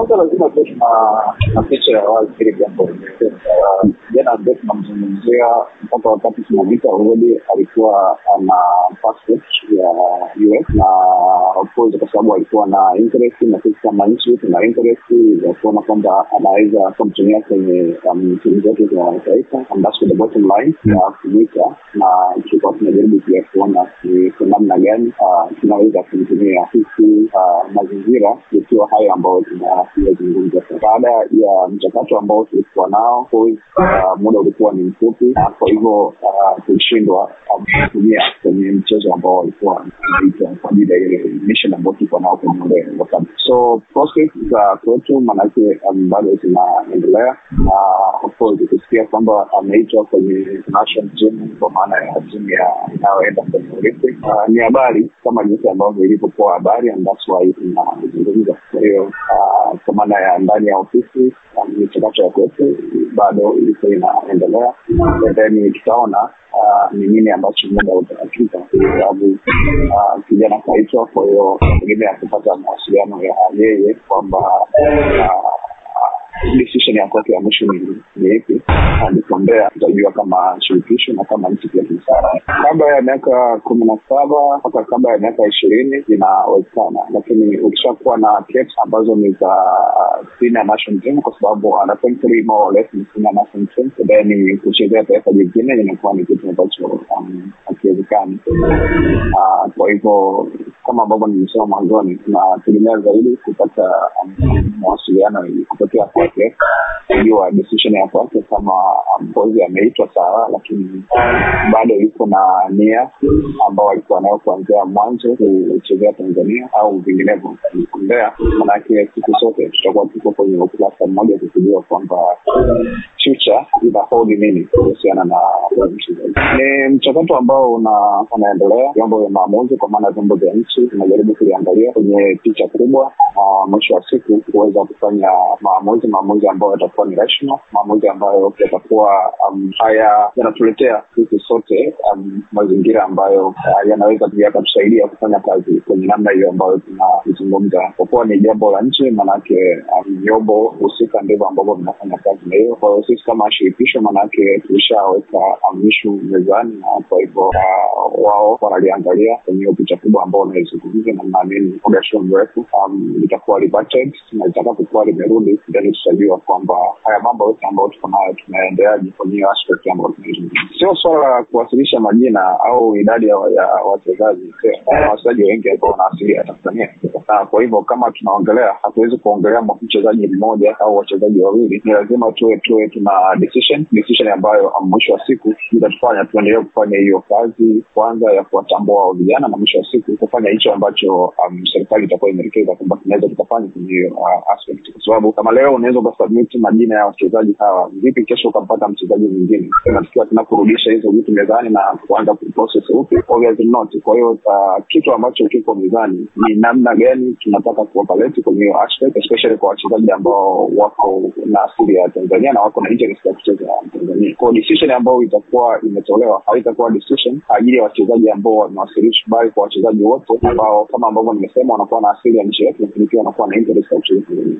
kwanza lazima tuwe na picha ya wazi kile jambo. Jana ambaye tunamzungumzia mpaka wakati tunavita Uhudi alikuwa ana passport ya US na of kwa sababu alikuwa na interest na sisi kama nchi tuna interest ya kuona kwamba anaweza kumtumia kwenye um, timu zetu za taifa, and that's the bottom line ya na tulikuwa tunajaribu kuona ni kwa namna gani ah, tunaweza kumtumia huku ah, mazingira ikiwa hayo ambayo tunayazungumza. Baada ya mchakato ambao tulikuwa nao, ah, muda ulikuwa ni mfupi, na kwa hivyo kushindwa kutumia kwenye mchezo ambao walikuwa kwa ajili ya ile mission ambayo tulikuwa nao kwenye ule So process za kwetu maanake bado zinaendelea, na ukisikia kwamba uh, ameitwa kwenye kwa maana ya timu ya inayoenda kwenye Olympic uh, ni habari kama jinsi ambavyo ilivyokuwa habari, ambaswa inazungumza. Kwa hiyo uh, kwa maana ya ndani ya ofisi michakato ya kwetu bado ipo inaendelea, then tutaona uh, ni nini ambacho muda utakatika, kwa sababu uh, kijana kaitwa. Kwa hiyo tegemea kupata mawasiliano ya yeye kwamba uh, decision ya kwake ya mwisho ni ipi, alipombea ah, tutajua kama shirikisho na kama nchi pia kisara. Kabla ya miaka kumi na saba mpaka kabla ya miaka ishirini inawezekana, lakini ukishakuwa na ambazo ni za ah, senior national team, kwa sababu under ni senior national team, then kuchezea taifa jingine inakuwa ni kitu ambacho um, hakiwezekani. Ah, kwa hivyo kama ambavyo nilisema mwanzoni, tunategemea zaidi kupata um, mawasiliano kutokea kwake, kujua decision ya kwake kama mpozi um, ameitwa sawa, lakini bado yuko na nia ambao alikuwa nayo kuanzia mwanzo kuchezea Tanzania au vinginevyo kugombea. manaake siku zote tutakuwa tuko kwenye ukurasa mmoja, kukujua kwamba future inafaudi nini kuhusiana na nchi ni mchakato ambao una, unaendelea vyombo vya maamuzi kwa maana vyombo vya nchi vinajaribu kuliangalia kwenye picha kubwa na mwisho wa siku kuweza kufanya maamuzi maamuzi ambayo yatakuwa ni rational maamuzi ambayo yatakuwa um, haya yanatuletea sisi sote um, mazingira ambayo uh, yanaweza yakatusaidia kufanya kazi kwenye namna hiyo ambayo tunazungumza kwa kuwa ni jambo la nchi maanake um, vyombo um, husika ndivyo ambavyo vinafanya kazi na hiyo kwao sisi kama shirikisho, maanake tulishaweka amishu mezani, na kwa hivyo uh, wao wanaliangalia kwenye hiyo picha kubwa ambao unaizungumza, na mnaamini muda sio mrefu um, litakuwa reverted na kukuwa limerudi, then tutajua kwamba haya mambo yote ambayo tuko nayo tunaendeaje kwenye hiyo aspect ambayo tunaizungumza. Sio swala la kuwasilisha majina au idadi ya wachezaji, wachezaji wengi ambao wanaasilia ya Tanzania, na kwa hivyo kama tunaongelea, hatuwezi kuongelea mchezaji mmoja au wachezaji wawili, ni lazima tuwe tuwe tuna na uh, decision decision ambayo mwisho wa siku itatufanya tuendelee kufanya hiyo kazi kwanza ya kuwatambua vijana na mwisho wa siku kufanya hicho ambacho um, serikali itakuwa imeelekeza kwamba tunaweza tukafanya kwenye uh, aspect kwa sababu kama leo unaweza ukasubmiti majina ya wachezaji hawa vipi kesho ukampata mchezaji mwingine natukiwa tena kurudisha hizo vitu mezani na kuanza kuprocess upi not kwa hiyo uh, kitu ambacho kiko mezani ni namna gani tunataka kuwapaleti kwenye hiyo aspect especially kwa wachezaji ambao wako na asili ya tanzania na wako na kujikita katika kucheza Tanzania kwao. Decision ambayo itakuwa imetolewa haitakuwa decision kwa ajili ya wachezaji ambao wamewasilishi, bali kwa wachezaji wote ambao kama ambavyo nimesema wanakuwa na asili ya nchi yetu, lakini pia wanakuwa na interest ya kucheza Tanzania.